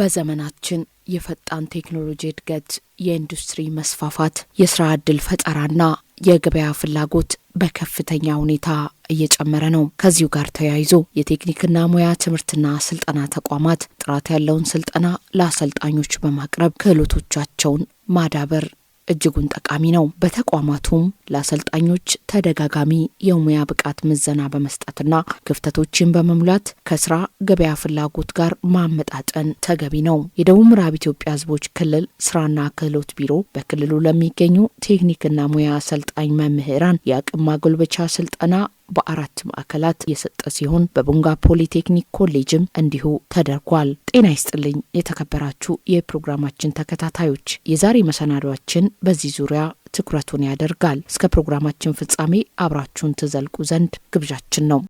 በዘመናችን የፈጣን ቴክኖሎጂ እድገት፣ የኢንዱስትሪ መስፋፋት፣ የስራ ዕድል ፈጠራና የገበያ ፍላጎት በከፍተኛ ሁኔታ እየጨመረ ነው። ከዚሁ ጋር ተያይዞ የቴክኒክና ሙያ ትምህርትና ስልጠና ተቋማት ጥራት ያለውን ስልጠና ለአሰልጣኞች በማቅረብ ክህሎቶቻቸውን ማዳበር እጅጉን ጠቃሚ ነው። በተቋማቱም ለአሰልጣኞች ተደጋጋሚ የሙያ ብቃት ምዘና በመስጠትና ክፍተቶችን በመሙላት ከስራ ገበያ ፍላጎት ጋር ማመጣጠን ተገቢ ነው። የደቡብ ምዕራብ ኢትዮጵያ ሕዝቦች ክልል ስራና ክህሎት ቢሮ በክልሉ ለሚገኙ ቴክኒክና ሙያ አሰልጣኝ መምህራን የአቅም ማጎልበቻ ስልጠና በአራት ማዕከላት የሰጠ ሲሆን በቡንጋ ፖሊቴክኒክ ኮሌጅም እንዲሁ ተደርጓል። ጤና ይስጥልኝ የተከበራችሁ የፕሮግራማችን ተከታታዮች፣ የዛሬ መሰናዷችን በዚህ ዙሪያ ትኩረቱን ያደርጋል። እስከ ፕሮግራማችን ፍጻሜ አብራችሁን ትዘልቁ ዘንድ ግብዣችን ነው።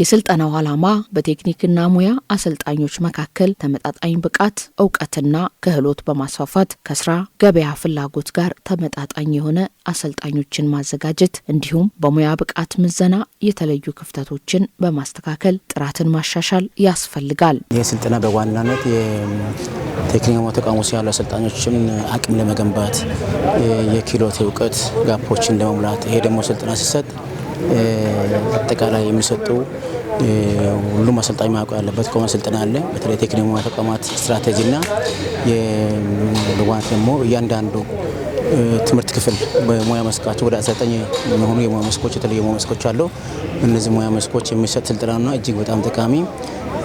የስልጠናው ዓላማ በቴክኒክና ሙያ አሰልጣኞች መካከል ተመጣጣኝ ብቃት፣ እውቀትና ክህሎት በማስፋፋት ከስራ ገበያ ፍላጎት ጋር ተመጣጣኝ የሆነ አሰልጣኞችን ማዘጋጀት እንዲሁም በሙያ ብቃት ምዘና የተለዩ ክፍተቶችን በማስተካከል ጥራትን ማሻሻል ያስፈልጋል። ይህ ስልጠና በዋናነት የቴክኒክ ሞያ ተቋሞች ያሉ አሰልጣኞችን አቅም ለመገንባት የክህሎት እውቀት ጋፖችን ለመሙላት ይሄ ደግሞ ስልጠና ሲሰጥ አጠቃላይ የሚሰጡ ሁሉም አሰልጣኝ ማወቅ ያለበት ከሆነ ስልጠና አለ። በተለይ ቴክኒክ ተቋማት ስትራቴጂ እና የልዋት ደግሞ እያንዳንዱ ትምህርት ክፍል በሙያ መስካቸው ወደ አሰልጠኝ የሚሆኑ የሙያ መስኮች የተለየ ሙያ መስኮች አሉ። እነዚህ ሙያ መስኮች የሚሰጥ ስልጠና ና እጅግ በጣም ጠቃሚ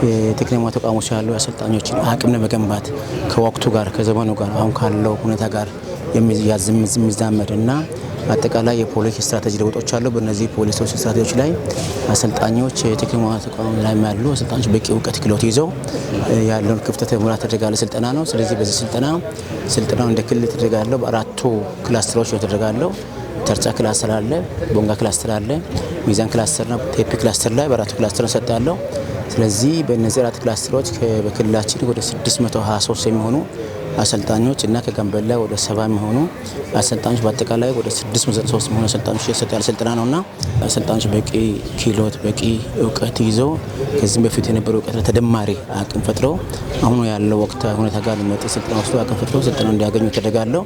የቴክኒክ ተቋሞች ያሉ አሰልጣኞችን አቅም ለመገንባት ከወቅቱ ጋር ከዘመኑ ጋር አሁን ካለው ሁኔታ ጋር የሚዛመድ እና አጠቃላይ የፖሊስ ስትራቴጂ ለውጦች አሉ። በእነዚህ ፖሊሶች ስትራቴጂዎች ላይ አሰልጣኞች የቴክኒክ ተቋም ላይ ያሉ አሰልጣኞች በቂ እውቀት ክሎት ይዘው ያለውን ክፍተት ሙላት ተደርጋለ ስልጠና ነው። ስለዚህ በዚህ ስልጠና ስልጠናው እንደ ክልል ተደርጋለው በአራቱ ክላስተሮች ነው ተደርጋለው ተርጫ ክላስተር አለ፣ ቦንጋ ክላስተር አለ፣ ሚዛን ክላስተር ክላስተርና ቴፒ ክላስተር ላይ በአራቱ ክላስተር ሰጣለው። ስለዚህ በእነዚህ አራት ክላስተሮች በክልላችን ወደ 623 የሚሆኑ አሰልጣኞች እና ከጋምቤላ ወደ ሰባ የሚሆኑ አሰልጣኞች በአጠቃላይ ወደ 603 የሚሆኑ አሰልጣኞች ያለ ስልጠና ነው እና አሰልጣኞች በቂ ኪሎት በቂ እውቀት ይዘው ከዚህም በፊት የነበረው እውቀት ተደማሪ አቅም ፈጥረው አሁኑ ያለው ወቅት ሁኔታ ጋር የሚመጡ ስልጠና ወስዶ አቅም ፈጥሮ ስልጠና እንዲያገኙ ተደጋለው።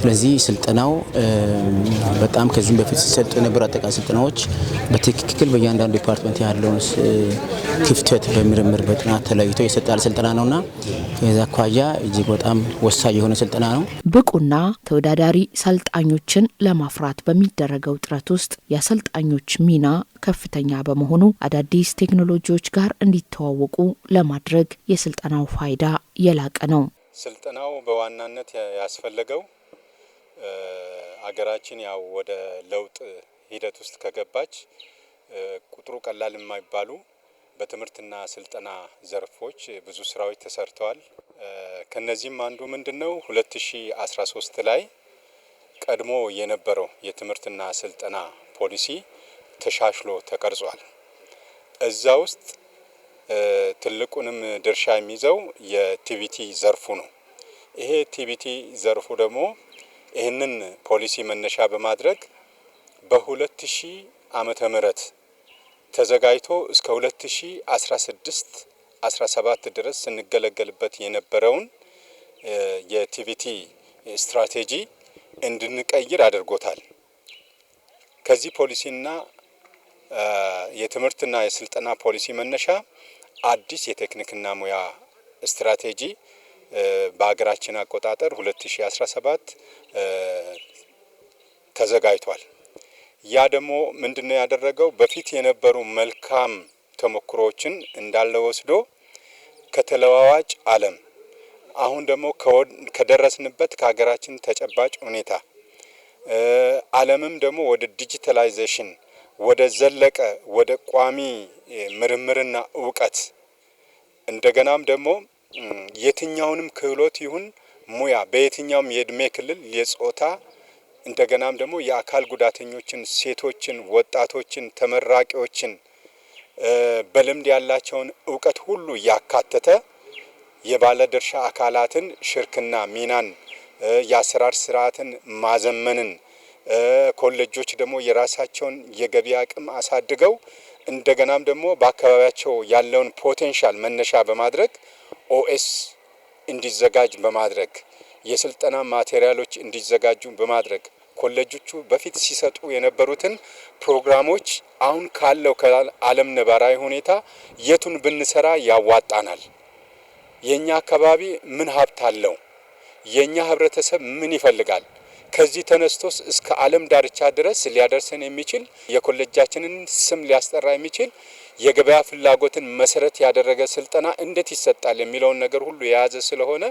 ስለዚህ ስልጠናው በጣም ከዚህም በፊት ሲሰጡ የነበሩ አጠቃላይ ስልጠናዎች በትክክል በእያንዳንዱ ዲፓርትመንት ያለውን ክፍተት በምርምር በጥናት ተለይቶ የሰጠ ስልጠና ነውና ከዚ አኳያ እጅግ በጣም ወሳኝ የሆነ ስልጠና ነው። ብቁና ተወዳዳሪ ሰልጣኞችን ለማፍራት በሚደረገው ጥረት ውስጥ የአሰልጣኞች ሚና ከፍተኛ በመሆኑ አዳዲስ ቴክኖሎጂዎች ጋር እንዲተዋወቁ ለማድረግ የስልጠናው ፋይዳ የላቀ ነው። ስልጠናው በዋናነት ያስፈለገው አገራችን ያው ወደ ለውጥ ሂደት ውስጥ ከገባች ቁጥሩ ቀላል የማይባሉ በትምህርትና ስልጠና ዘርፎች ብዙ ስራዎች ተሰርተዋል። ከነዚህም አንዱ ምንድነው 2013 ላይ ቀድሞ የነበረው የትምህርትና ስልጠና ፖሊሲ ተሻሽሎ ተቀርጿል። እዛ ውስጥ ትልቁንም ድርሻ የሚይዘው የቲቪቲ ዘርፉ ነው። ይሄ ቲቪቲ ዘርፉ ደግሞ ይህንን ፖሊሲ መነሻ በማድረግ በ2000 ዓመተ ምህረት ተዘጋጅቶ እስከ 2016 17 ድረስ ስንገለገልበት የነበረውን የቲቪቲ ስትራቴጂ እንድንቀይር አድርጎታል። ከዚህ ፖሊሲና የትምህርትና የስልጠና ፖሊሲ መነሻ አዲስ የቴክኒክና ሙያ ስትራቴጂ በሀገራችን አቆጣጠር 2017 ተዘጋጅቷል። ያ ደግሞ ምንድነው ያደረገው? በፊት የነበሩ መልካም ተሞክሮዎችን እንዳለ ወስዶ ከተለዋዋጭ ዓለም አሁን ደግሞ ከደረስንበት ከሀገራችን ተጨባጭ ሁኔታ ዓለምም ደግሞ ወደ ዲጂታላይዜሽን ወደ ዘለቀ ወደ ቋሚ ምርምርና እውቀት እንደገናም ደግሞ የትኛውንም ክህሎት ይሁን ሙያ በየትኛውም የእድሜ ክልል የጾታ እንደገናም ደግሞ የአካል ጉዳተኞችን፣ ሴቶችን፣ ወጣቶችን፣ ተመራቂዎችን በልምድ ያላቸውን እውቀት ሁሉ ያካተተ የባለድርሻ አካላትን ሽርክና ሚናን የአሰራር ስርዓትን ማዘመንን ኮሌጆች ደግሞ የራሳቸውን የገቢ አቅም አሳድገው እንደገናም ደግሞ በአካባቢያቸው ያለውን ፖቴንሻል መነሻ በማድረግ ኦኤስ እንዲዘጋጅ በማድረግ የስልጠና ማቴሪያሎች እንዲዘጋጁ በማድረግ ኮሌጆቹ በፊት ሲሰጡ የነበሩትን ፕሮግራሞች አሁን ካለው ከዓለም ነባራዊ ሁኔታ የቱን ብንሰራ ያዋጣናል? የእኛ አካባቢ ምን ሀብት አለው? የኛ ህብረተሰብ ምን ይፈልጋል? ከዚህ ተነስቶስ እስከ ዓለም ዳርቻ ድረስ ሊያደርሰን የሚችል የኮሌጃችንን ስም ሊያስጠራ የሚችል የገበያ ፍላጎትን መሰረት ያደረገ ስልጠና እንዴት ይሰጣል የሚለውን ነገር ሁሉ የያዘ ስለሆነ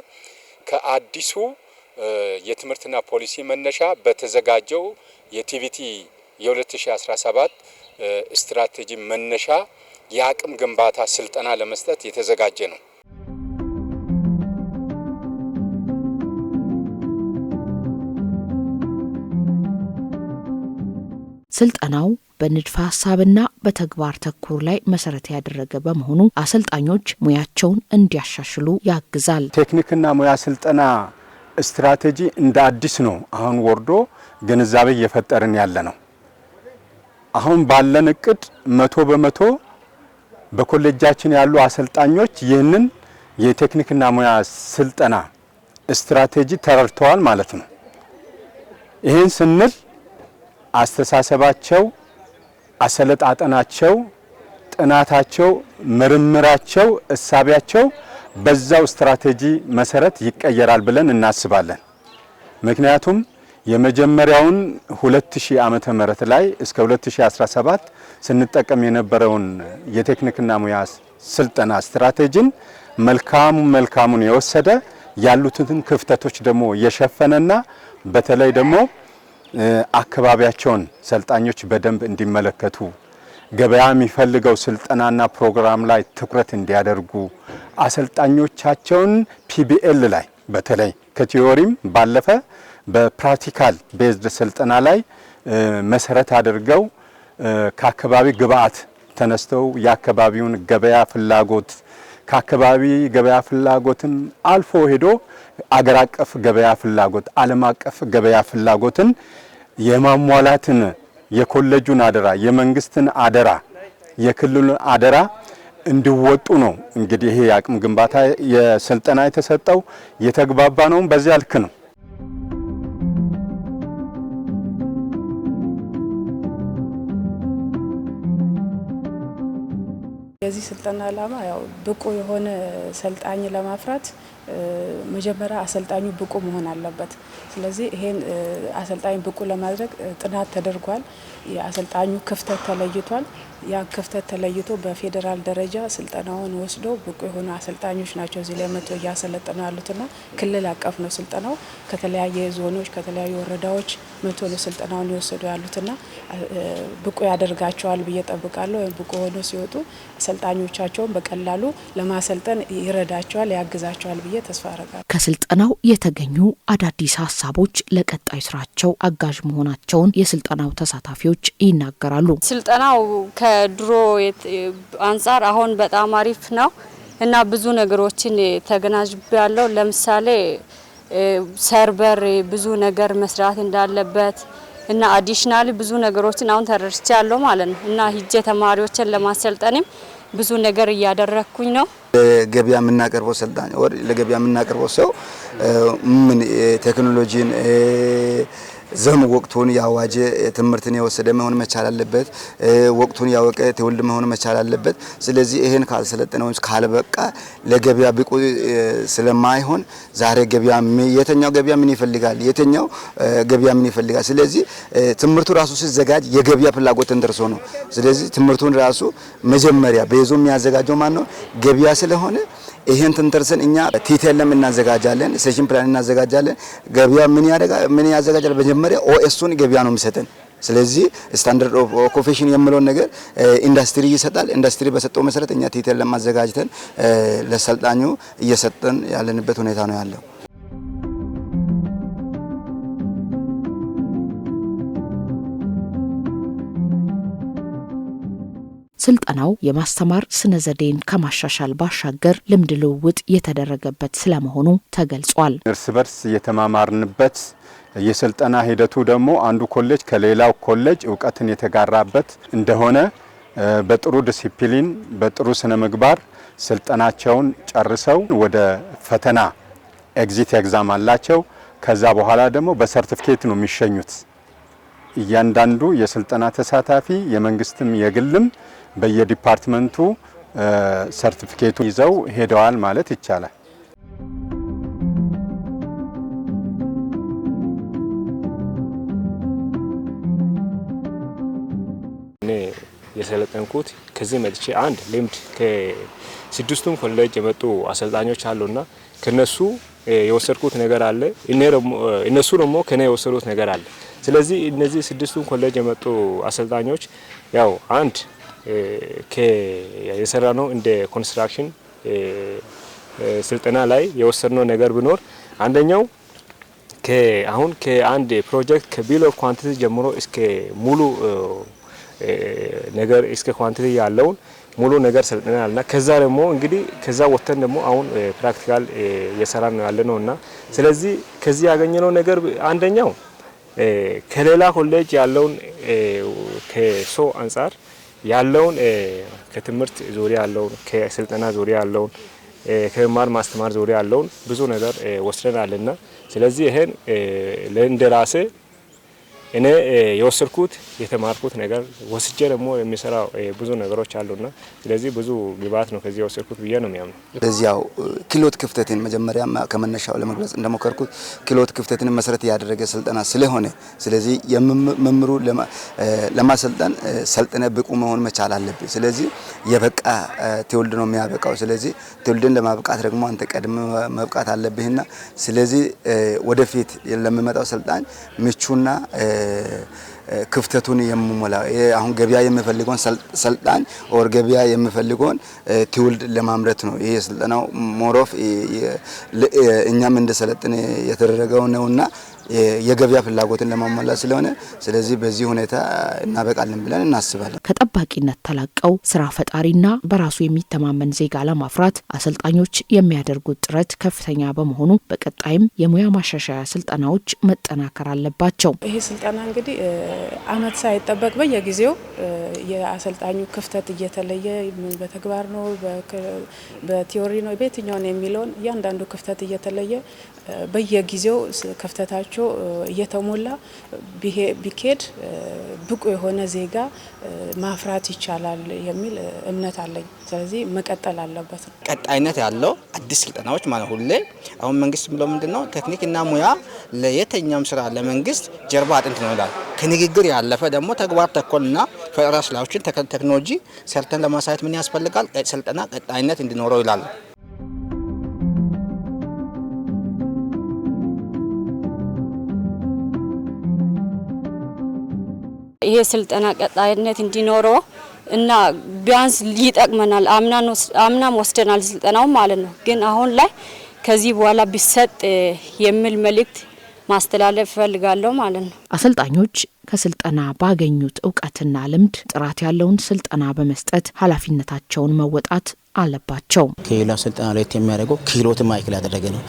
ከአዲሱ የትምህርትና ፖሊሲ መነሻ በተዘጋጀው የቲቪቲ የ2017 ስትራቴጂ መነሻ የአቅም ግንባታ ስልጠና ለመስጠት የተዘጋጀ ነው። ስልጠናው በንድፈ ሀሳብና በተግባር ተኮር ላይ መሰረት ያደረገ በመሆኑ አሰልጣኞች ሙያቸውን እንዲያሻሽሉ ያግዛል። ቴክኒክና ሙያ ስልጠና ስትራቴጂ እንደ አዲስ ነው አሁን ወርዶ ግንዛቤ እየፈጠርን ያለ ነው። አሁን ባለን እቅድ መቶ በመቶ በኮሌጃችን ያሉ አሰልጣኞች ይህንን የቴክኒክና ሙያ ስልጠና ስትራቴጂ ተረድተዋል ማለት ነው። ይህን ስንል አስተሳሰባቸው፣ አሰለጣጠናቸው፣ ጥናታቸው፣ ምርምራቸው፣ እሳቢያቸው በዛው ስትራቴጂ መሰረት ይቀየራል ብለን እናስባለን። ምክንያቱም የመጀመሪያውን 2000 ዓመተ ምህረት ላይ እስከ 2017 ስንጠቀም የነበረውን የቴክኒክና ሙያ ስልጠና ስትራቴጂን መልካሙ መልካሙን የወሰደ ያሉትን ክፍተቶች ደግሞ የሸፈነና በተለይ ደግሞ አካባቢያቸውን ሰልጣኞች በደንብ እንዲመለከቱ ገበያ የሚፈልገው ስልጠናና ፕሮግራም ላይ ትኩረት እንዲያደርጉ አሰልጣኞቻቸውን ፒቢኤል ላይ በተለይ ከቲዮሪም ባለፈ በፕራክቲካል ቤዝድ ስልጠና ላይ መሰረት አድርገው ከአካባቢ ግብአት ተነስተው የአካባቢውን ገበያ ፍላጎት ከአካባቢ ገበያ ፍላጎትም አልፎ ሄዶ አገር አቀፍ ገበያ ፍላጎት፣ ዓለም አቀፍ ገበያ ፍላጎትን የማሟላትን የኮሌጁን አደራ፣ የመንግስትን አደራ፣ የክልሉን አደራ እንዲወጡ ነው። እንግዲህ ይሄ የአቅም ግንባታ የስልጠና የተሰጠው የተግባባ ነው። በዚያ ልክ ነው። የዚህ ስልጠና ዓላማ ያው ብቁ የሆነ ሰልጣኝ ለማፍራት መጀመሪያ አሰልጣኙ ብቁ መሆን አለበት። ስለዚህ ይሄን አሰልጣኝ ብቁ ለማድረግ ጥናት ተደርጓል። የአሰልጣኙ ክፍተት ተለይቷል። ያ ክፍተት ተለይቶ በፌዴራል ደረጃ ስልጠናውን ወስዶ ብቁ የሆኑ አሰልጣኞች ናቸው እዚህ ላይ መጥቶ እያሰለጠኑ ያሉትና ክልል አቀፍ ነው ስልጠናው። ከተለያየ ዞኖች፣ ከተለያዩ ወረዳዎች መጥቶ ነው ስልጠናውን የወሰዱ ያሉትና ብቁ ያደርጋቸዋል ብዬ ጠብቃለሁ። ወይም ብቁ ሆኖ ሲወጡ አሰልጣኞቻቸውን በቀላሉ ለማሰልጠን ይረዳቸዋል፣ ያግዛቸዋል ብዬ ብዬ ተስፋ አረጋለሁ። ከስልጠናው የተገኙ አዳዲስ ሀሳቦች ለቀጣይ ስራቸው አጋዥ መሆናቸውን የስልጠናው ተሳታፊዎች ይናገራሉ። ስልጠናው ከድሮ አንጻር አሁን በጣም አሪፍ ነው እና ብዙ ነገሮችን ተገናዝብ ያለው ለምሳሌ ሰርበር ብዙ ነገር መስራት እንዳለበት እና አዲሽናል ብዙ ነገሮችን አሁን ተረድቻለሁ ማለት ነው እና ሂጄ ተማሪዎችን ለማሰልጠንም ብዙ ነገር እያደረግኩኝ ነው። ለገበያ የምናቀርበው ሰልጣኝ ለገበያ የምናቀርበው ሰው ምን ቴክኖሎጂን ዘም ወቅቱን ያዋጀ ትምህርትን የወሰደ መሆን መቻል አለበት። ወቅቱን ያወቀ ትውልድ መሆን መቻል አለበት። ስለዚህ ይሄን ካልሰለጠነ ወይም ካልበቃ ለገበያ ብቁ ስለማይሆን ዛሬ ገበያ የተኛው ገበያ ምን ይፈልጋል? የተኛው ገበያ ምን ይፈልጋል? ስለዚህ ትምህርቱ ራሱ ሲዘጋጅ የገበያ ፍላጎትን ደርሶ ነው። ስለዚህ ትምህርቱን ራሱ መጀመሪያ በይዞ የሚያዘጋጀው ማን ነው? ገበያ ስለሆነ ይህን ትንትርስን እኛ ቲቴልም እናዘጋጃለን፣ ሴሽን ፕላን እናዘጋጃለን። ገበያ ምን ያደጋ ምን ያዘጋጃል? መጀመሪያ ኦኤሱን ገበያ ነው የሚሰጠን። ስለዚህ ስታንዳርድ ኦፍ ኦኩፔሽን የምለውን ነገር ኢንዱስትሪ ይሰጣል። ኢንዱስትሪ በሰጠው መሰረት እኛ ቲቴልም አዘጋጅተን ለሰልጣኙ እየሰጠን ያለንበት ሁኔታ ነው ያለው። ስልጠናው የማስተማር ስነ ዘዴን ከማሻሻል ባሻገር ልምድ ልውውጥ የተደረገበት ስለመሆኑ ተገልጿል። እርስ በርስ የተማማርንበት የስልጠና ሂደቱ ደግሞ አንዱ ኮሌጅ ከሌላው ኮሌጅ እውቀትን የተጋራበት እንደሆነ በጥሩ ዲሲፕሊን በጥሩ ስነ ምግባር ስልጠናቸውን ጨርሰው ወደ ፈተና ኤግዚት ኤግዛም አላቸው። ከዛ በኋላ ደግሞ በሰርቲፊኬት ነው የሚሸኙት። እያንዳንዱ የስልጠና ተሳታፊ የመንግስትም የግልም በየዲፓርትመንቱ ሰርቲፊኬቱ ይዘው ሄደዋል ማለት ይቻላል። እኔ የሰለጠንኩት ከዚህ መጥቼ አንድ ልምድ ከስድስቱም ኮሌጅ የመጡ አሰልጣኞች አሉና ከነሱ የወሰድኩት ነገር አለ፣ እነሱ ደግሞ ከኔ የወሰዱት ነገር አለ። ስለዚህ እነዚህ ስድስቱን ኮሌጅ የመጡ አሰልጣኞች ያው አንድ የሰራ ነው እንደ ኮንስትራክሽን ስልጠና ላይ የወሰድነው ነገር ቢኖር አንደኛው አሁን ከአንድ ፕሮጀክት ከቢል ኦፍ ኳንቲቲ ጀምሮ እስከ ሙሉ ነገር እስከ ኳንቲቲ ያለውን ሙሉ ነገር ሰልጥነናል እና ከዛ ደግሞ እንግዲህ ከዛ ወጥተን ደግሞ አሁን ፕራክቲካል እየሰራ ነው ያለ ነው እና ስለዚህ ከዚህ ያገኘነው ነገር አንደኛው ከሌላ ኮሌጅ ያለውን ከሰው አንጻር ያለውን ከትምህርት ዙሪያ ያለውን ከስልጠና ዙሪያ ያለውን ከመማር ማስተማር ዙሪያ ያለውን ብዙ ነገር ወስደናልና ስለዚህ ይሄን ራሴ እኔ የወሰድኩት የተማርኩት ነገር ወስጄ ደግሞ የሚሰራው ብዙ ነገሮች አሉና ስለዚህ ብዙ ግብዓት ነው ከዚህ የወሰድኩት ብዬ ነው የሚያምነው። በዚያው ክህሎት ክፍተትን መጀመሪያ ከመነሻው ለመግለጽ እንደሞከርኩት ክህሎት ክፍተትን መሰረት ያደረገ ስልጠና ስለሆነ ስለዚህ መምህሩ ለማሰልጠን ሰልጥነ ብቁ መሆን መቻል አለብ ስለዚህ የበቃ ትውልድ ነው የሚያበቃው። ስለዚህ ትውልድን ለማብቃት ደግሞ አንተ ቀድመ መብቃት አለብህና ስለዚህ ወደፊት ለሚመጣው ሰልጣኝ ምቹና ክፍተቱን የምሞላ አሁን ገበያ የምፈልገውን ሰልጣኝ ኦር ገበያ የምፈልገውን ትውልድ ለማምረት ነው። ይሄ ስልጠናው ሞሮፍ እኛም እንደሰለጥን የተደረገው ነውና የገበያ ፍላጎትን ለማሟላት ስለሆነ ስለዚህ በዚህ ሁኔታ እናበቃለን ብለን እናስባለን። ከጠባቂነት ተላቀው ስራ ፈጣሪና በራሱ የሚተማመን ዜጋ ለማፍራት አሰልጣኞች የሚያደርጉት ጥረት ከፍተኛ በመሆኑ በቀጣይም የሙያ ማሻሻያ ስልጠናዎች መጠናከር አለባቸው። ይሄ ስልጠና እንግዲህ አመት ሳይጠበቅ በየጊዜው የአሰልጣኙ ክፍተት እየተለየ በተግባር ነው በቲዎሪ ነው በየትኛውን የሚለውን እያንዳንዱ ክፍተት እየተለየ በየጊዜው ክፍተታቸው አቅማቸው እየተሞላ ቢኬድ ብቁ የሆነ ዜጋ ማፍራት ይቻላል የሚል እምነት አለኝ። ስለዚህ መቀጠል አለበት ነው። ቀጣይነት ያለው አዲስ ስልጠናዎች ማለት ሁሌ አሁን መንግስት ብሎ ምንድን ነው ቴክኒክና ሙያ ለየተኛውም ስራ ለመንግስት ጀርባ አጥንት ነው ይላል። ከንግግር ያለፈ ደግሞ ተግባር ተኮልና ፈጠራ ስራዎችን ቴክኖሎጂ ሰርተን ለማሳየት ምን ያስፈልጋል? ስልጠና ቀጣይነት እንዲኖረው ይላል። ይሄ ስልጠና ቀጣይነት እንዲኖረው እና ቢያንስ ይጠቅመናል። አምናም ወስደናል ስልጠናው ማለት ነው። ግን አሁን ላይ ከዚህ በኋላ ቢሰጥ የሚል መልእክት ማስተላለፍ እፈልጋለሁ ማለት ነው። አሰልጣኞች ከስልጠና ባገኙት እውቀትና ልምድ ጥራት ያለውን ስልጠና በመስጠት ኃላፊነታቸውን መወጣት አለባቸው። ከሌላ ስልጠና ለየት የሚያደርገው ክህሎት ማዕከል ያደረገ ነው።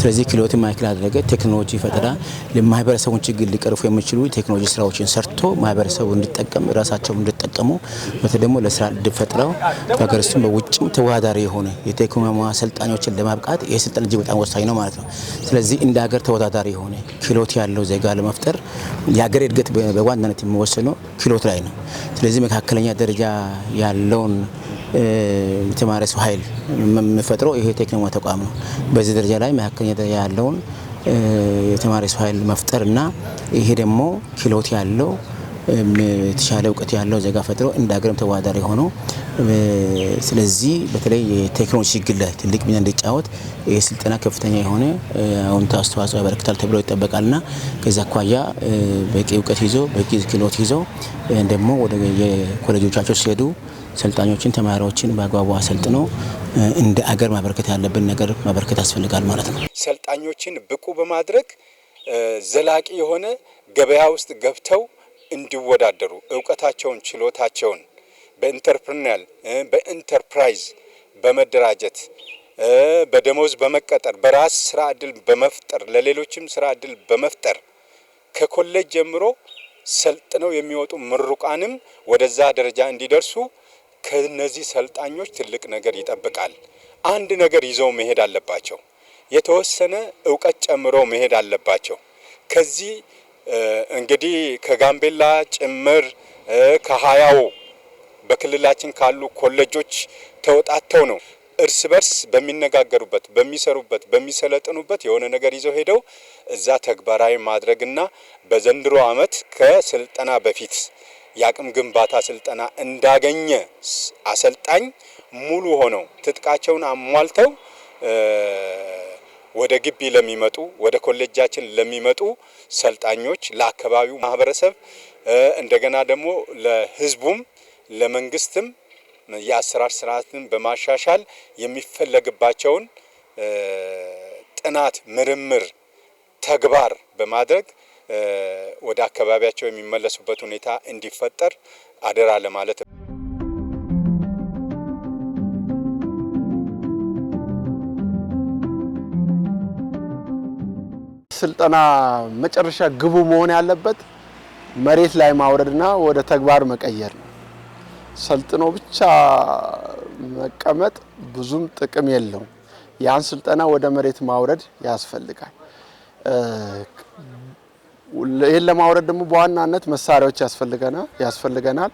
ስለዚህ ክህሎት ማዕከል ያደረገ ቴክኖሎጂ ፈጠራ ለማህበረሰቡን ችግር ሊቀርፉ የሚችሉ ቴክኖሎጂ ስራዎችን ሰርቶ ማህበረሰቡ እንዲጠቀም ራሳቸው እንዲጠቀሙ በተለይ ደግሞ ለስራ እድል ፈጥረው በሀገር ውስጥም በውጭም ተወዳዳሪ የሆነ የቴክኖሎጂ አሰልጣኞችን ለማብቃት ይህ ስልጠና እጅግ በጣም ወሳኝ ነው ማለት ነው። ስለዚህ እንደ ሀገር ተወዳዳሪ የሆነ ክህሎት ያለው ዜጋ ለመፍጠር የሀገር እድገት በዋናነት የሚወሰነው ክህሎት ላይ ነው። ስለዚህ መካከለኛ ደረጃ ያለውን የተማረ ሰው ኃይል የምፈጥረው ይሄ ቴክኖሞ ተቋም ነው። በዚህ ደረጃ ላይ መካከለኛ ደረጃ ያለውን የተማረ ሰው ኃይል መፍጠርና ይሄ ደግሞ ክህሎት ያለው የተሻለ እውቀት ያለው ዜጋ ፈጥሮ እንደ ሀገርም ተወዳዳሪ የሆነው ስለዚህ በተለይ የቴክኖሎጂ ችግር ላይ ትልቅ ሚና እንዲጫወት ይህ ስልጠና ከፍተኛ የሆነ አሁን አስተዋጽኦ ያበረክታል ተብሎ ይጠበቃል ይጠበቃልና ከዚ አኳያ በቂ እውቀት ይዞ በቂ ክህሎት ይዞ ደግሞ ወደ የኮሌጆቻቸው ሲሄዱ ሰልጣኞችን ተማሪዎችን በአግባቡ አሰልጥኖ እንደ አገር ማበረከት ያለብን ነገር ማበረከት ያስፈልጋል ማለት ነው። ሰልጣኞችን ብቁ በማድረግ ዘላቂ የሆነ ገበያ ውስጥ ገብተው እንዲወዳደሩ እውቀታቸውን፣ ችሎታቸውን በኢንተርፕርናል በኢንተርፕራይዝ በመደራጀት በደሞዝ በመቀጠር በራስ ስራ እድል በመፍጠር ለሌሎችም ስራ እድል በመፍጠር ከኮሌጅ ጀምሮ ሰልጥነው የሚወጡ ምሩቃንም ወደዛ ደረጃ እንዲደርሱ ከነዚህ ሰልጣኞች ትልቅ ነገር ይጠብቃል። አንድ ነገር ይዘው መሄድ አለባቸው። የተወሰነ እውቀት ጨምሮ መሄድ አለባቸው። ከዚህ እንግዲህ ከጋምቤላ ጭምር ከሀያው በክልላችን ካሉ ኮሌጆች ተወጣተው ነው እርስ በርስ በሚነጋገሩበት፣ በሚሰሩበት፣ በሚሰለጥኑበት የሆነ ነገር ይዘው ሄደው እዛ ተግባራዊ ማድረግና በዘንድሮ ዓመት ከስልጠና በፊት የአቅም ግንባታ ስልጠና እንዳገኘ አሰልጣኝ ሙሉ ሆነው ትጥቃቸውን አሟልተው ወደ ግቢ ለሚመጡ ወደ ኮሌጃችን ለሚመጡ ሰልጣኞች ለአካባቢው ማህበረሰብ እንደገና ደግሞ ለህዝቡም ለመንግስትም የአሰራር ስርዓትን በማሻሻል የሚፈለግባቸውን ጥናት፣ ምርምር፣ ተግባር በማድረግ ወደ አካባቢያቸው የሚመለሱበት ሁኔታ እንዲፈጠር አደራ ለማለት ነው። ስልጠና መጨረሻ ግቡ መሆን ያለበት መሬት ላይ ማውረድና ወደ ተግባር መቀየር ነው። ሰልጥኖ ብቻ መቀመጥ ብዙም ጥቅም የለውም። ያን ስልጠና ወደ መሬት ማውረድ ያስፈልጋል። ይህን ለማውረድ ደግሞ በዋናነት መሳሪያዎች ያስፈልገናል።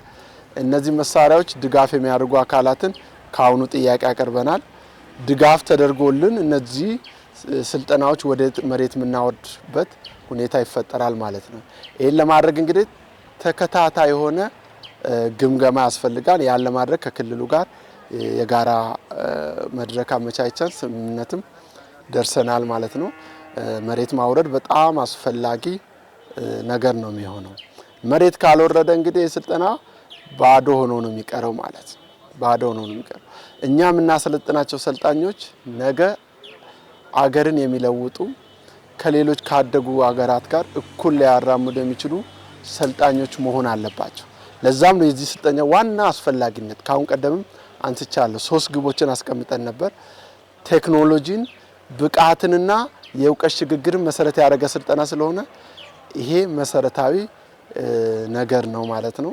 እነዚህ መሳሪያዎች ድጋፍ የሚያደርጉ አካላትን ከአሁኑ ጥያቄ ያቀርበናል። ድጋፍ ተደርጎልን እነዚህ ስልጠናዎች ወደ መሬት የምናወርድበት ሁኔታ ይፈጠራል ማለት ነው። ይህን ለማድረግ እንግዲህ ተከታታይ የሆነ ግምገማ ያስፈልጋል። ያን ለማድረግ ከክልሉ ጋር የጋራ መድረክ አመቻችተን ስምምነትም ደርሰናል ማለት ነው። መሬት ማውረድ በጣም አስፈላጊ ነገር ነው የሚሆነው። መሬት ካልወረደ እንግዲህ የስልጠና ባዶ ሆኖ ነው የሚቀረው ማለት ነው። ባዶ ሆኖ ነው የሚቀረው። እኛ የምናሰለጥናቸው ሰልጣኞች ነገ አገርን የሚለውጡ ከሌሎች ካደጉ አገራት ጋር እኩል ሊያራምዱ የሚችሉ ሰልጣኞች መሆን አለባቸው። ለዛም ነው የዚህ ስልጠኛ ዋና አስፈላጊነት። ካሁን ቀደምም አንስቻለሁ። ሶስት ግቦችን አስቀምጠን ነበር። ቴክኖሎጂን፣ ብቃትንና የእውቀት ሽግግርን መሰረት ያደረገ ስልጠና ስለሆነ ይሄ መሰረታዊ ነገር ነው ማለት ነው።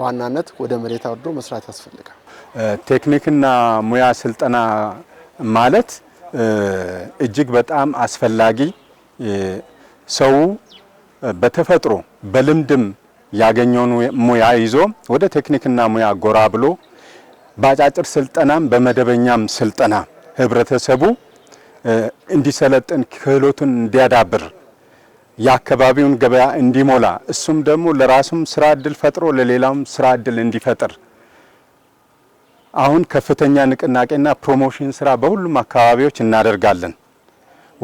ዋናነት ወደ መሬት አውርዶ መስራት ያስፈልጋል። ቴክኒክና ሙያ ስልጠና ማለት እጅግ በጣም አስፈላጊ ሰው በተፈጥሮ በልምድም ያገኘውን ሙያ ይዞ ወደ ቴክኒክና ሙያ ጎራ ብሎ በአጫጭር ስልጠናም በመደበኛም ስልጠና ህብረተሰቡ እንዲሰለጥን ክህሎቱን እንዲያዳብር የአካባቢውን ገበያ እንዲሞላ እሱም ደግሞ ለራሱም ስራ እድል ፈጥሮ ለሌላውም ስራ እድል እንዲፈጥር አሁን ከፍተኛ ንቅናቄና ፕሮሞሽን ስራ በሁሉም አካባቢዎች እናደርጋለን።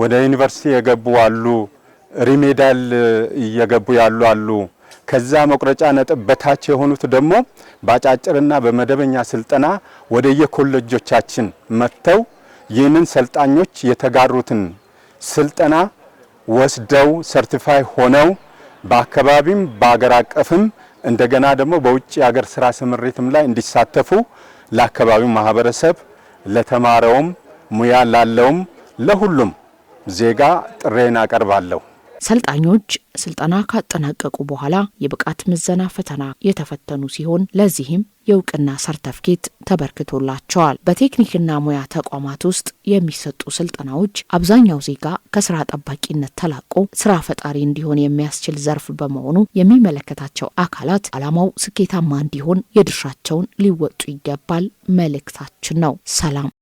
ወደ ዩኒቨርሲቲ የገቡ አሉ፣ ሪሜዳል እየገቡ ያሉ አሉ። ከዛ መቁረጫ ነጥብ በታች የሆኑት ደግሞ በአጫጭርና በመደበኛ ስልጠና ወደ የኮሌጆቻችን መጥተው ይህንን ሰልጣኞች የተጋሩትን ስልጠና ወስደው ሰርቲፋይ ሆነው በአካባቢም በአገር አቀፍም እንደገና ደግሞ በውጭ የሀገር ስራ ስምሪትም ላይ እንዲሳተፉ ለአካባቢው ማህበረሰብ ለተማረውም ሙያ ላለውም ለሁሉም ዜጋ ጥሬን አቀርባለሁ። ሰልጣኞች ስልጠና ካጠናቀቁ በኋላ የብቃት ምዘና ፈተና የተፈተኑ ሲሆን ለዚህም የእውቅና ሰርተፍኬት ተበርክቶላቸዋል። በቴክኒክና ሙያ ተቋማት ውስጥ የሚሰጡ ስልጠናዎች አብዛኛው ዜጋ ከስራ ጠባቂነት ተላቆ ስራ ፈጣሪ እንዲሆን የሚያስችል ዘርፍ በመሆኑ የሚመለከታቸው አካላት ዓላማው ስኬታማ እንዲሆን የድርሻቸውን ሊወጡ ይገባል መልእክታችን ነው። ሰላም።